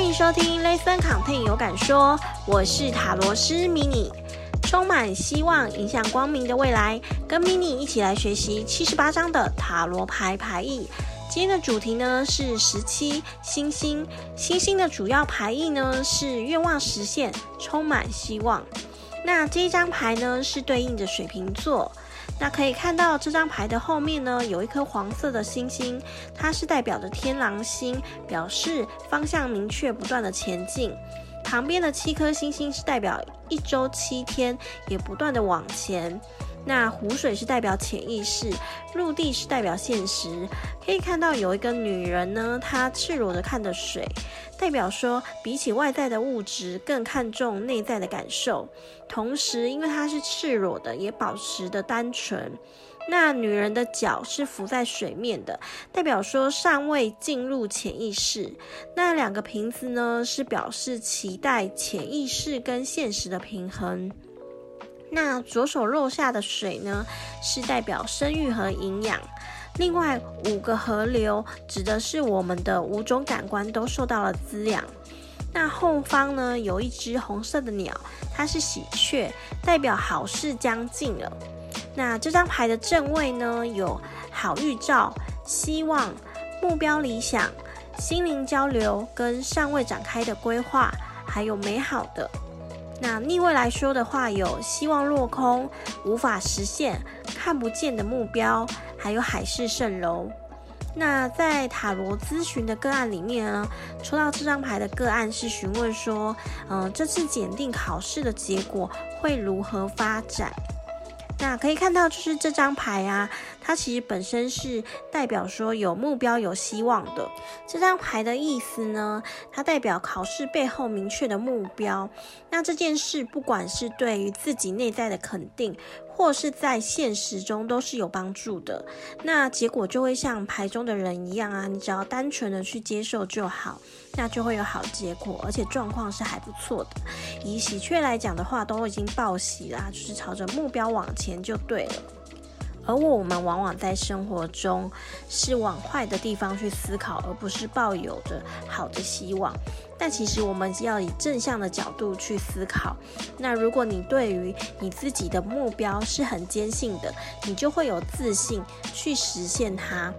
歡迎收聽《ListenContent》，有感說，我是塔羅師 Mini，充滿希望，迎向光明的未來。跟 Mini 一起來學習七十八張的塔羅牌牌意。今天的主題呢是十七星星，星星的主要牌意呢是願望實現，充滿希望。那這張牌呢是對應的水瓶座。那可以看到這張牌的後面呢，有一顆黃色的星星，它是代表着天狼星，表示方向明確，不斷的前進。旁邊的七顆星星是代表一周七天，也不斷的往前。那湖水是代表潛意識，陸地是代表現實。可以看到有一個女人呢，她赤裸的看着水，代表說比起外在的物質，更看重內在的感受。同時，因為她是赤裸的，也保持的單純。那女人的腳是浮在水面的，代表說尚未進入潛意識。那兩個瓶子呢，是表示期待潛意識跟現實的平衡。那左手落下的水呢，是代表生育和營養。另外五個河流指的是我們的五種感官都受到了滋養。那後方呢，有一隻紅色的鳥，它是喜鵲，代表好事將近了。那這張牌的正位呢，有好預兆、希望、目標理想、心靈交流跟尚未展開的規劃，還有美好的。那逆位來說的話，有希望落空、無法實現、看不見的目標，還有海市蜃樓。那在塔羅諮詢的個案裡面呢，抽到這張牌的個案是詢問說，嗯、呃，這次檢定考試的結果會如何發展？那可以看到，就是這張牌啊，它其實本身是代表說有目標、有希望的。這張牌的意思呢，它代表考試背後明確的目標。那這件事，不管是對於自己內在的肯定。或是在現實中都是有幫助的，那結果就會像牌中的人一樣啊，你只要單純的去接受就好，那就會有好結果，而且狀況是還不錯的。以喜鵲來講的話，都已經報喜啦，就是朝着目標往前就對了。而我們往往在生活中是往壞的地方去思考，而不是抱有的好的希望。但其實我們要以正向的角度去思考。那如果你對於你自己的目標是很堅信的，你就會有自信去實現它。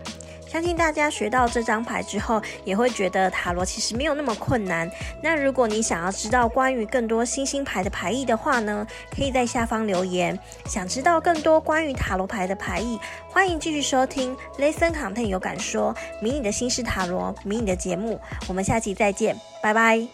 相信大家學到這張牌之後，也會覺得塔羅其實沒有那麼困難。那如果你想要知道關於更多星星牌的牌意的話呢，可以在下方留言。想知道更多關於塔羅牌的牌意，歡迎繼續收聽 ListenContent，有感說迷你的心事塔羅迷你的節目。我們下期再見，拜拜。